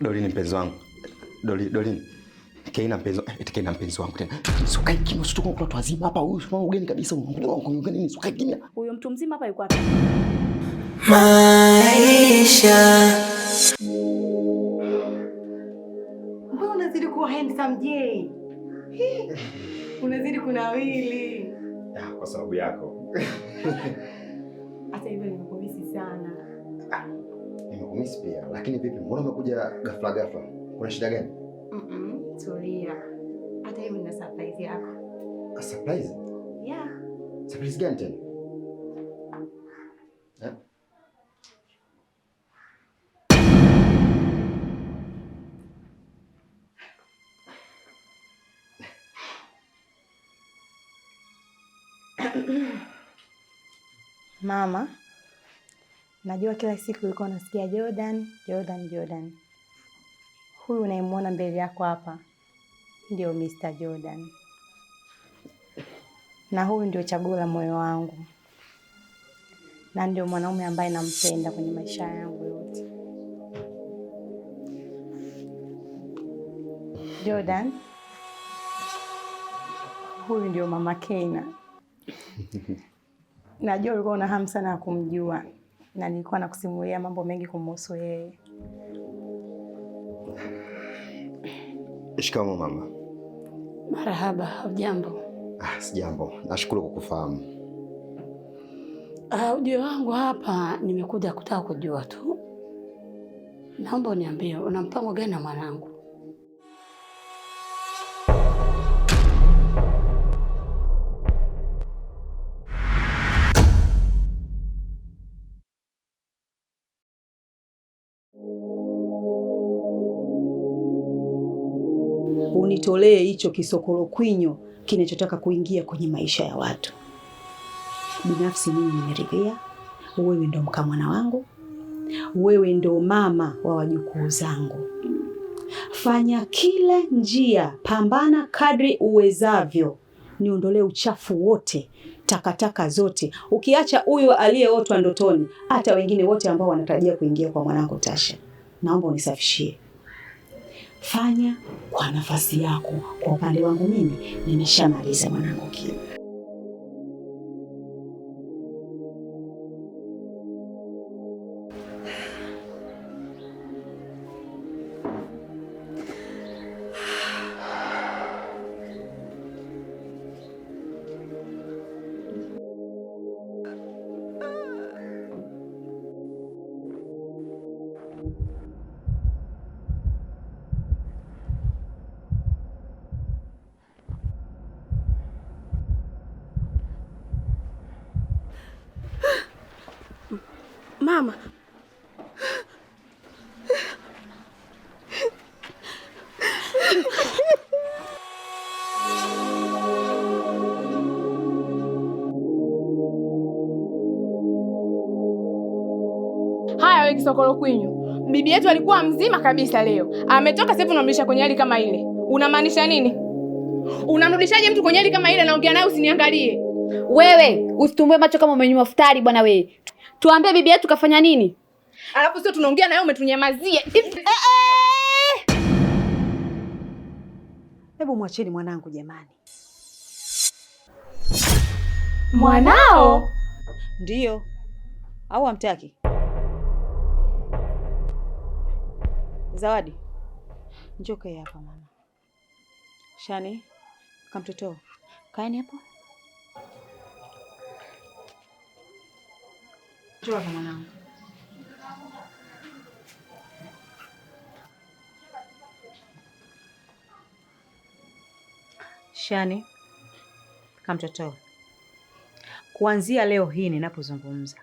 Dolini mpenzi wangu. Dolini, Dolini. Kaina mpenzi wangu. Eti kaina mpenzi wangu tena. Sukai kimya, usitoke kwa watu wazima hapa. Huyu sio ugeni kabisa. ugeni ni sukai kimya. Huyo mtu mzima hapa yuko wapi? Maisha. Mbona unazidi kuwa handsome je? Unazidi kunawili. Ah, kwa sababu yako. Hata hivyo nimekuhisi sana. Ah. Hamisi pia. Lakini vipi, mbona umekuja ghafla ghafla? Kuna shida gani? Mm -mm, tulia. Hata hivi nina surprise yako. A surprise? Yeah. Surprise gani tena? Eh? Mama Najua kila siku ulikuwa unasikia Jordan, Jordan, Jordan. Huyu unayemwona mbele yako hapa ndio Mr. Jordan, na huyu ndio chaguo la moyo wangu, na ndio mwanaume ambaye nampenda kwenye maisha yangu yote. Jordan, huyu ndio mama Kena. Najua ulikuwa una hamu sana ya kumjua na nilikuwa nakusimulia mambo mengi kumhusu yeye. Shikamo mama. Marahaba. Hujambo? Ah, sijambo. Nashukuru kufahamu. Ah, ujio wangu hapa nimekuja kutaka kujua tu, naomba uniambie una mpango gani na mwanangu? ajitolee hicho kwinyo kinachotaka kuingia kwenye maisha ya watu. Binafsi mimi nimeridhia, wewe ndo mkamwana wangu, wewe ndo mama wa wajukuu zangu. Fanya kila njia, pambana kadri uwezavyo, niondolee uchafu wote, takataka zote, ukiacha huyu aliyeotwa ndotoni, hata wengine wote ambao wanatarajia kuingia kwa mwanangu Tasha, naomba unisafishie fanya kwa nafasi yako. Kwa upande wangu mimi nimeshamaliza mwanangu Kima. Kolokwinyu. Bibi yetu alikuwa mzima kabisa, leo ametoka, sasa hivi unamrudisha kwenye hali kama ile. Unamaanisha nini? Unamrudishaje mtu kwenye hali kama ile? Naongea naye usiniangalie wewe, usitumbue macho kama umenywa futari bwana. Wewe tuambie, bibi yetu kafanya nini? Alafu sio tunaongea naye umetunyamazia. Eh, eh! Hebu mwacheni mwanangu jamani. Mwanao? Ndiyo. Au amtaki? Zawadi, njoo kae hapa mama. Shani, kamtoto, kaeni hapo. Njoo hapa mwanangu. Shani, kamtoto, kuanzia leo hii ninapozungumza,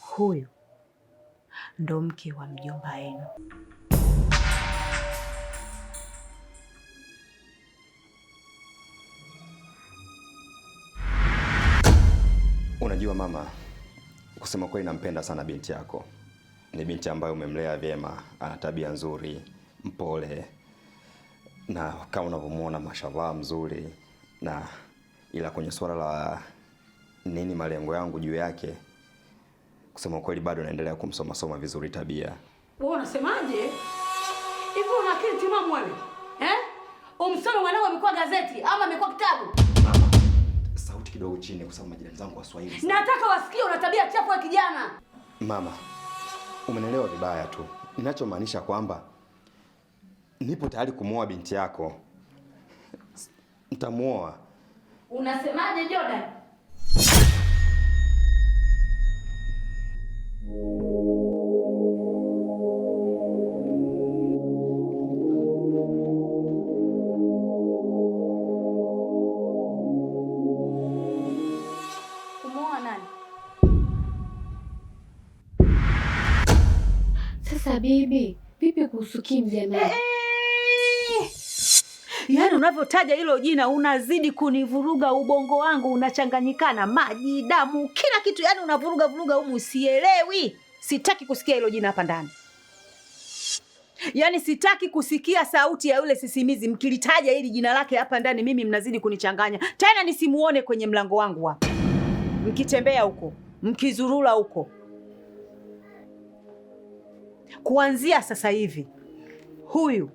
huyu ndo mke wa mjomba wenu. Unajua mama, kusema kweli nampenda sana binti yako. Ni binti ambayo umemlea vyema, ana tabia nzuri, mpole na kama unavyomwona mashavaa mzuri, na ila kwenye suala la nini malengo yangu juu yake kusema ukweli bado naendelea kumsomasoma vizuri Tabia. Wewe unasemaje? Hivi una akili timamu wewe? Eh? Umsome mwanao amekuwa gazeti ama amekuwa kitabu? Mama, sauti kidogo chini kwa sababu majirani zangu Swahili. Nataka wasikie una tabia chafu ya kijana. Mama, umenielewa vibaya tu. Ninachomaanisha kwamba nipo tayari kumwoa binti yako. Nitamuoa. Unasemaje Jordan? Sasa bibi, vipi kuhusu Kim jamani? Eh, eh, yani unavyotaja hilo jina unazidi kunivuruga ubongo wangu, unachanganyikana maji, damu, kila kitu, yani unavuruga vuruga humu, sielewi. Sitaki kusikia hilo jina hapa ndani, yaani sitaki kusikia sauti ya yule sisimizi. Mkilitaja hili jina lake hapa ndani, mimi mnazidi kunichanganya tena, nisimuone kwenye mlango wangu hapa, mkitembea huko, mkizurula huko. Kuanzia sasa hivi huyu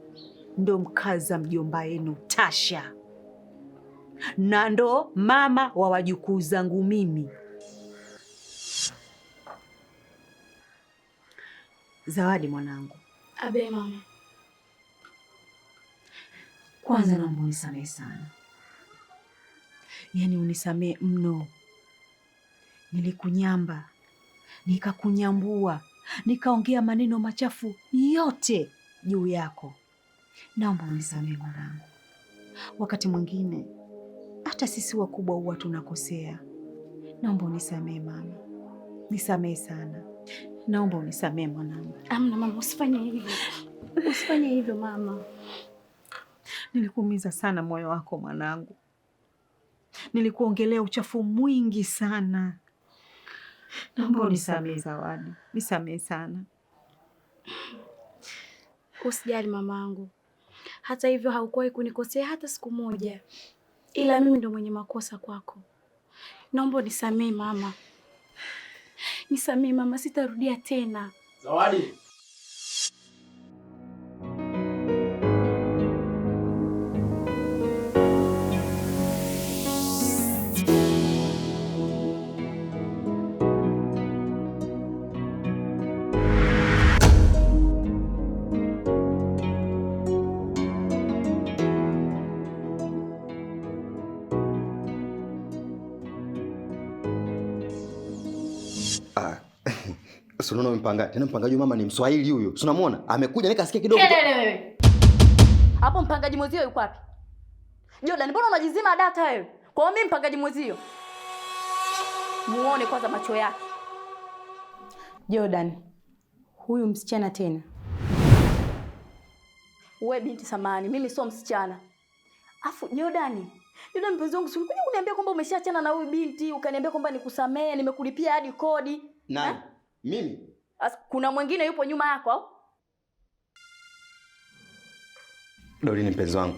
ndo mkaza mjomba yenu Tasha na ndo mama wa wajukuu zangu mimi. Zawadi mwanangu. Abe mama. Kwanza naomba unisamehe sana, yaani unisamehe mno. Nilikunyamba, nikakunyambua, nikaongea maneno machafu yote juu yako Naomba unisamehe mwanangu. Wakati mwingine hata sisi wakubwa huwa tunakosea. Naomba unisamehe mama, nisamehe sana. Naomba unisamehe mwanangu. Amna mama, usifanye hivyo, usifanye hivyo mama. Nilikuumiza sana moyo wako mwanangu, nilikuongelea uchafu mwingi sana. Naomba unisamehe Zawadi, nisamehe sana. Usijali mamangu, hata hivyo haukuwahi kunikosea hata siku moja, ila mimi ndo mwenye makosa kwako. Naomba nisamee mama, nisamee mama, sitarudia tena. Zawadi. Sasa unaona mpangaji. Tena mpangaji mama ni Mswahili huyo. Si unamuona? Amekuja nikasikia kidogo. Kelele wewe. Hapo mpangaji mwezio yuko wapi? Jordan, mbona unajizima data wewe? Kwa hiyo mimi mpangaji mwezio. Muone kwanza macho yake. Jordan, huyu msichana tena. Wewe binti samani, mimi sio msichana. Afu Jordan, Jordan mpenzi wangu ulikuja kuniambia kwamba umeshaachana na huyu binti, ukaniambia kwamba nikusamee, nimekulipia hadi kodi. Nani? Ha? Mimi? As, kuna mwingine yupo nyuma yako au? Dorini mpenzi wangu.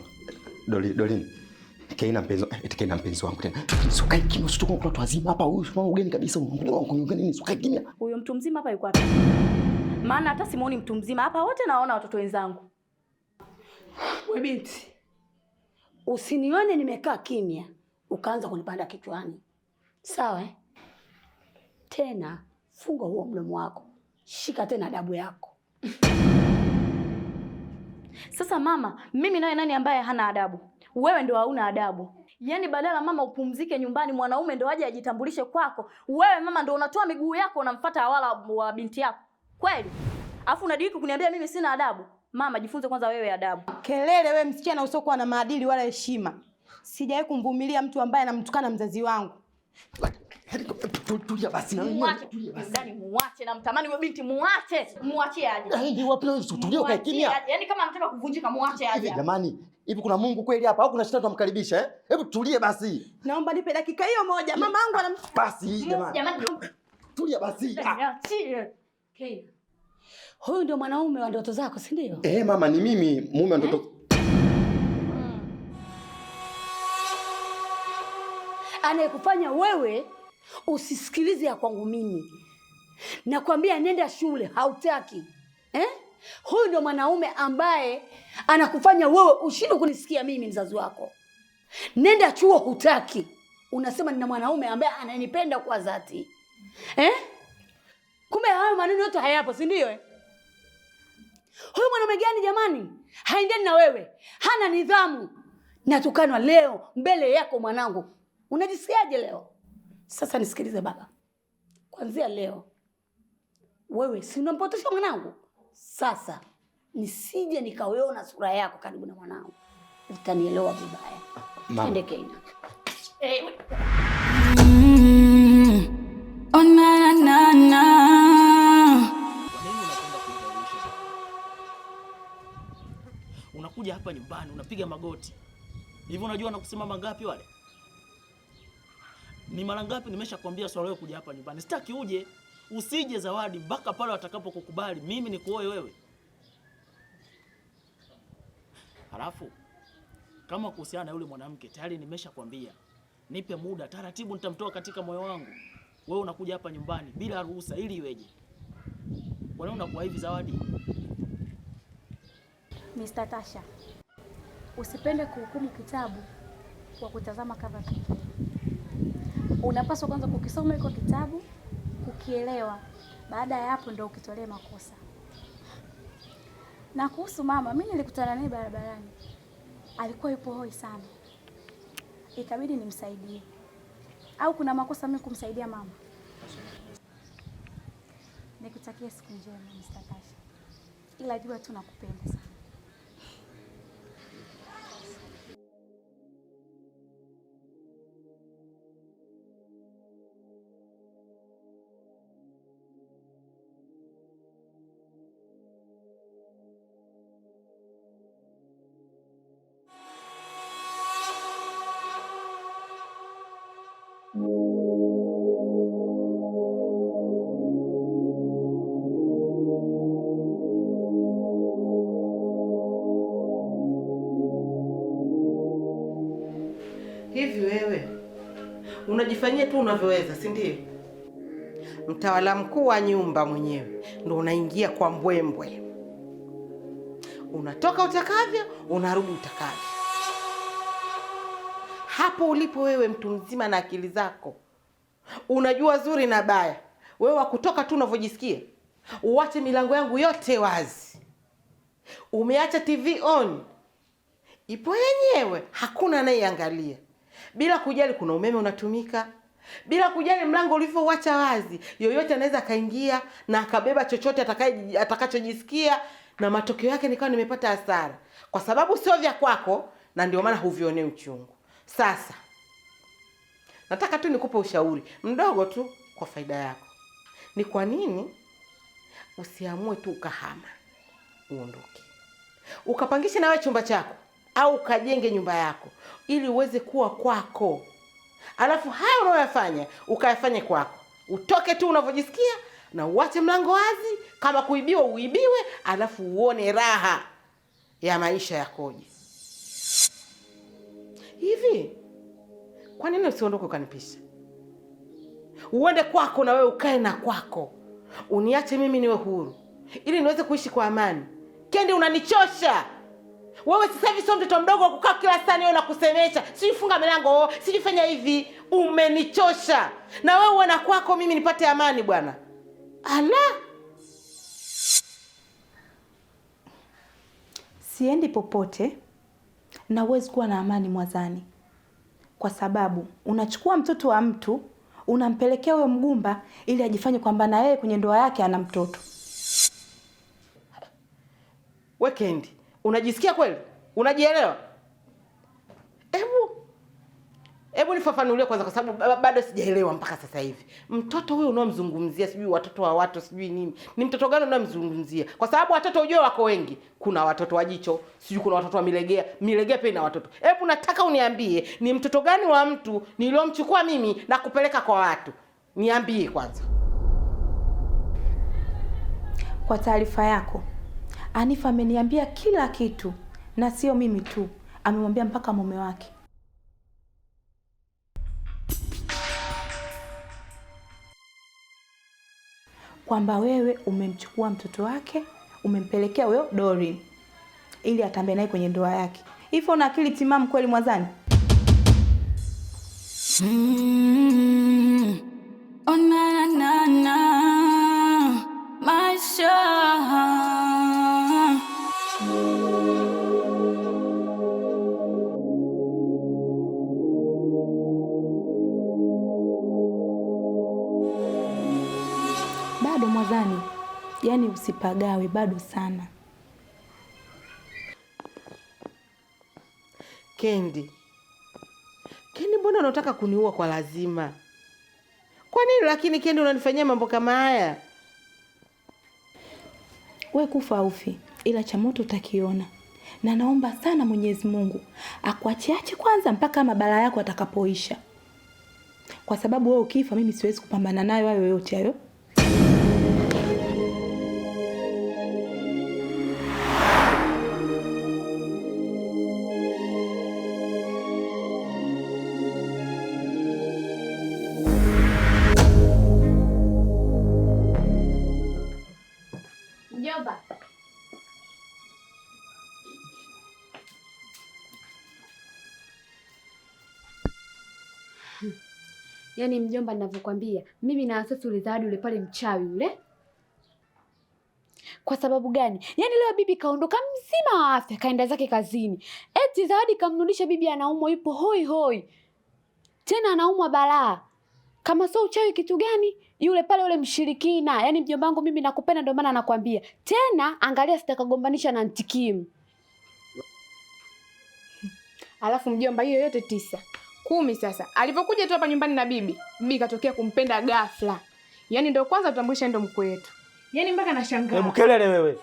Dorini, Dorini. Kaina mpenzi wangu. Eh, eti kaina mpenzi wangu tena. Sukai kimya usitoke kwa watu wazima hapa. Huyu sio ugeni kabisa. Sukai kimya. Huyo mtu mzima hapa yuko wapi? Maana hata simuoni mtu mzima hapa, wote naona watoto wenzangu. Wewe binti. Usinione nimekaa kimya ukaanza kunipanda kichwani. Sawa eh? Tena funga huo mdomo wako, shika tena adabu yako. Sasa mama, mimi nawe nani ambaye hana adabu? Wewe ndo hauna adabu. Yaani badala mama upumzike nyumbani, mwanaume ndo aje ajitambulishe kwako, wewe mama ndo unatoa miguu yako unamfuata hawala wa binti yako kweli? Alafu unadiriki kuniambia mimi sina adabu? Mama, jifunze kwanza wewe adabu. Kelele wewe, msichana usiokuwa na maadili wala heshima. Sijawahi kumvumilia mtu ambaye anamtukana mzazi wangu. Jamani, hivi kuna Mungu kweli hapa au kuna shetani tunamkaribisha eh? Hebu tulie basi. Naomba nipe dakika hiyo moja. Mama yangu anam Basi jamani. tulia basi. Ah. Huyu ndio mwanaume wa ndoto zako, si ndio? Eh, mama ni mimi mume wa ndoto. Eh? Anayekufanya wewe Usisikilize ya kwangu mimi, nakwambia nenda shule, hautaki eh? Huyu ndio mwanaume ambaye anakufanya wewe ushindwe kunisikia mimi, mzazi wako. Nenda chuo, hutaki. Unasema nina mwanaume ambaye ananipenda kwa dhati eh? Kumbe hayo maneno yote hayapo, si ndio eh? Huyu mwanaume gani jamani? Haendani na wewe, hana nidhamu. Natukanwa leo mbele yako mwanangu, unajisikiaje leo? Sasa nisikilize baba, kwanzia leo wewe si unampotosha mwanangu. Sasa nisije nikaona sura yako karibu na mwanangu, utanielewa vibaya. Twende Kenya. Eh, mm. Oh, na, na, na. Unakuja hapa nyumbani unapiga magoti hivyo, unajua nakusimama ngapi wale ni mara ngapi nimeshakwambia swala wewe kuja hapa nyumbani? Sitaki uje. Usije Zawadi mpaka pale watakapokukubali mimi nikuoe wewe. Halafu kama kuhusiana na yule mwanamke tayari nimeshakwambia, nipe muda taratibu, nitamtoa katika moyo wangu. Wewe unakuja hapa nyumbani bila ruhusa, ili iweje? Kwa nini unakuwa hivi Zawadi? Mr. Tasha, usipende kuhukumu kitabu kwa kutazama cover pekee unapaswa kwanza kukisoma iko kitabu kukielewa, baada ya hapo ndio ukitolee makosa. Na kuhusu mama, mimi nilikutana naye barabarani, alikuwa yupo hoi sana, ikabidi nimsaidie. Au kuna makosa mimi kumsaidia mama? Nikutakia siku njema Mr. ila jua tu nakupenda sana. unajifanyia tu unavyoweza, si ndio? Mtawala mkuu wa nyumba mwenyewe ndo unaingia kwa mbwembwe, unatoka utakavyo, unarudi utakavyo. Hapo ulipo wewe, mtu mzima na akili zako, unajua zuri na baya. Wewe wakutoka tu unavyojisikia, uwache milango yangu yote wazi, umeacha TV on, ipo yenyewe, hakuna anayeangalia bila kujali kuna umeme unatumika, bila kujali mlango ulivyouacha wazi, yoyote anaweza akaingia na akabeba chochote atakachojisikia, na matokeo yake nikawa nimepata hasara, kwa sababu sio vya kwako, na ndio maana huvionee uchungu. Sasa nataka tu nikupe ushauri mdogo tu kwa faida yako. Ni kwa nini usiamue tu ukahama uondoke, ukapangisha nawe chumba chako au kajenge nyumba yako ili uweze kuwa kwako, alafu hayo unayoyafanya ukayafanye kwako, utoke tu unavyojisikia na uache mlango wazi. Kama kuibiwa uibiwe, alafu uone raha ya maisha yakoje. Hivi kwa nini usiondoke ukanipisha? Uende kwako na wewe ukae na kwako, uniache mimi niwe huru ili niweze kuishi kwa amani. Kendi, unanichosha. Wewe sasa hivi sio mtoto mdogo wa kukaa kila saa niwe nakusemesha, sijui funga milango, sijui fanya hivi. Umenichosha na wewe uwe na kwako, mimi nipate amani bwana. Ala, siendi popote na huwezi kuwa na amani Mwazani, kwa sababu unachukua mtoto wa mtu unampelekea huyo mgumba ili ajifanye kwamba na yeye kwenye ndoa yake ana mtoto. Wekendi, Unajisikia kweli? Unajielewa? Hebu hebu nifafanulie kwanza, kwa sababu bado sijaelewa mpaka sasa hivi. Mtoto huyu unaomzungumzia, sijui watoto wa watu sijui nini, ni mtoto gani unaomzungumzia? Kwa sababu watoto ujue wako wengi, kuna watoto wa jicho, sijui kuna watoto wa milegea, milegea pia ina watoto. Hebu nataka uniambie ni mtoto gani wa mtu niliomchukua mimi na kupeleka kwa watu, niambie kwanza. Kwa taarifa yako Anifa ameniambia kila kitu, na sio mimi tu, amemwambia mpaka mume wake. Kwamba wewe umemchukua mtoto wake umempelekea huyo Dori ili atambe naye kwenye ndoa yake. Hivyo una akili timamu kweli Mwazani? Mm, oh na na na, maisha yaani usipagawe bado sana. Kendi, Kendi, mbona unataka kuniua kwa lazima? Kwa nini lakini Kendi unanifanyia mambo kama haya? We kufa aufi, ila cha moto utakiona, na naomba sana Mwenyezi Mungu akuachiache kwanza mpaka mabala yako atakapoisha, kwa sababu wewe ukifa, mimi siwezi kupambana nayo hayo yote hayo. Yaani mjomba, ninavyokwambia mimi na wasasi ule zawadi ule pale mchawi ule. Kwa sababu gani? Yaani leo bibi kaondoka mzima wa afya, kaenda zake kazini, eti zawadi kamrudisha bibi anaumwa, yupo hoi hoi, tena anaumwa balaa. Kama sio uchawi kitu gani? Yule pale yule mshirikina. Yaani mjomba wangu, mimi nakupenda, ndio maana nakwambia tena. Angalia, sitakagombanisha na Ntikimu. Alafu mjomba, hiyo yote tisa kumi sasa. Alipokuja tu hapa nyumbani na bibi, bibi katokea kumpenda ghafla, yaani ndio kwanza tutambulisha ndo mkwe wetu, yaani mpaka nashangaa. Hebu kelele wewe!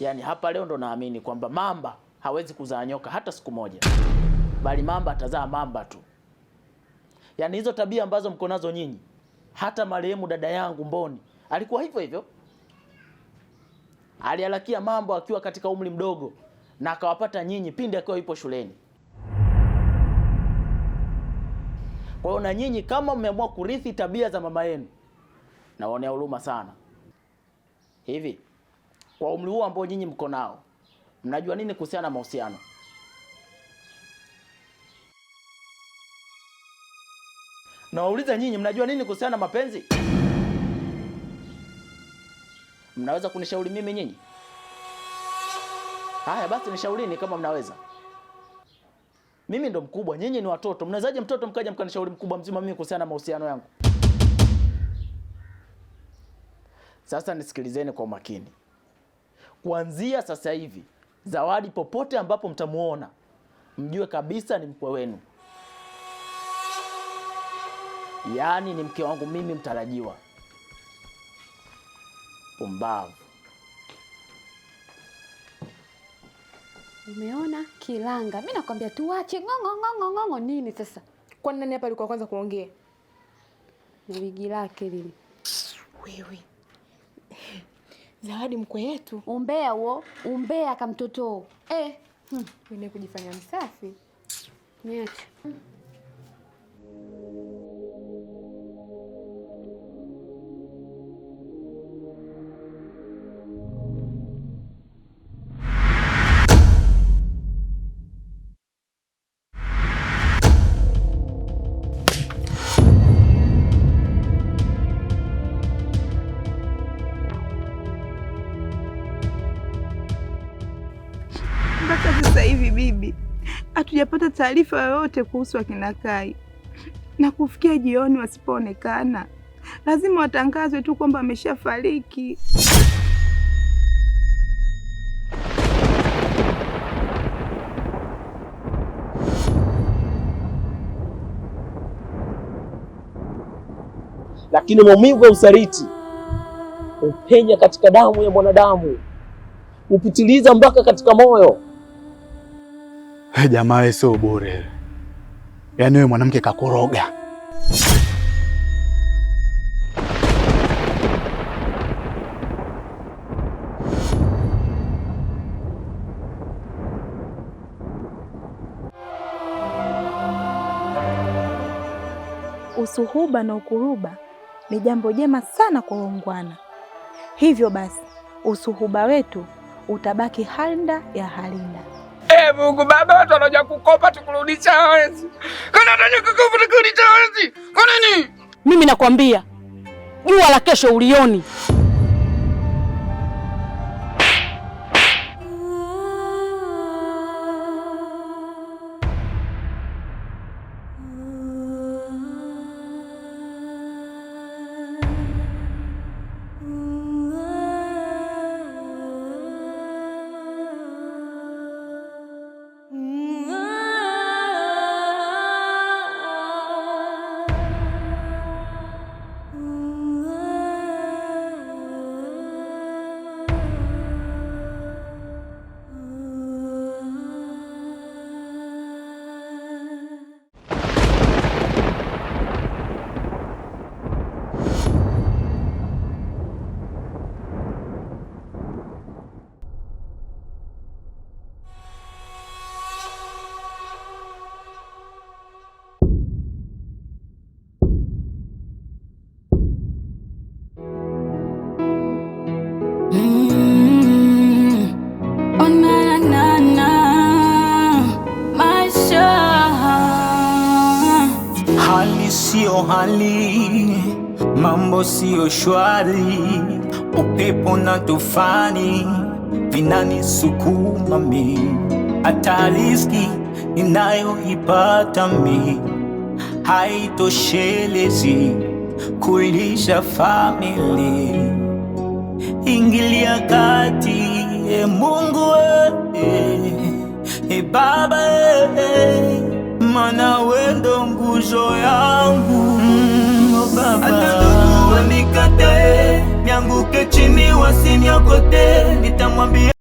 Yaani hapa leo ndo naamini kwamba mamba hawezi kuzaa nyoka hata siku moja, bali mamba atazaa mamba tu. Yaani hizo tabia ambazo mko nazo nyinyi hata marehemu dada yangu Mboni alikuwa hivyo hivyo, aliharakia mambo akiwa katika umri mdogo na akawapata nyinyi pindi akiwa yupo shuleni. Kwa hiyo na nyinyi kama mmeamua kurithi tabia za mama yenu, nawaonea huruma sana. Hivi kwa umri huu ambao nyinyi mko nao, mnajua nini kuhusiana na mahusiano? nawauliza nyinyi, mnajua nini kuhusiana na mapenzi? Mnaweza kunishauri mimi nyinyi? Haya basi, nishaurini kama mnaweza. Mimi ndo mkubwa, nyinyi ni watoto. Mnawezaje mtoto mkaja mkanishauri mkubwa mzima mimi kuhusiana na mahusiano yangu? Sasa nisikilizeni kwa umakini. Kuanzia sasa hivi, Zawadi popote ambapo mtamuona, mjue kabisa ni mkwe wenu yaani ni mke wangu mimi mtarajiwa. Pumbavu! Umeona Kilanga, mi nakwambia tuwache ng'ong'o ng'ong'o ng'ong'o nini sasa. Kwani nani hapa alikuwa kwanza kuongea? Na wigi lake lile. Wewe Zawadi, mkwe yetu umbea huo, umbea kamtoto Eh, hmm. Kujifanya msafi, niache hatujapata taarifa yoyote kuhusu akina Kai, na kufikia jioni wasipoonekana, lazima watangazwe tu kwamba ameshafariki. Lakini maumivu ya usaliti upenya katika damu ya mwanadamu, hupitiliza mpaka katika moyo. Eh, jamaa wewe sio bure. Yaani wewe mwanamke kakoroga. Usuhuba na ukuruba ni jambo jema sana kwa waungwana. Hivyo basi, usuhuba wetu utabaki halinda ya halinda. Ee Mungu Baba, watu wanaja kukopa tukurudisha wezi Kana wanaja kukopa tukurudisha hawezi. Kwa nini? Mimi nakwambia jua la kesho ulioni. bahari, upepo na tufani vinanisukuma mi, hata riziki ninayoipata mi haitoshelezi kulisha famili. Ingilia kati, e Mungu e, e Baba e, mana wendo nguzo yangu mm, oh Baba nianguke chini, wasiniokote, nitamwambia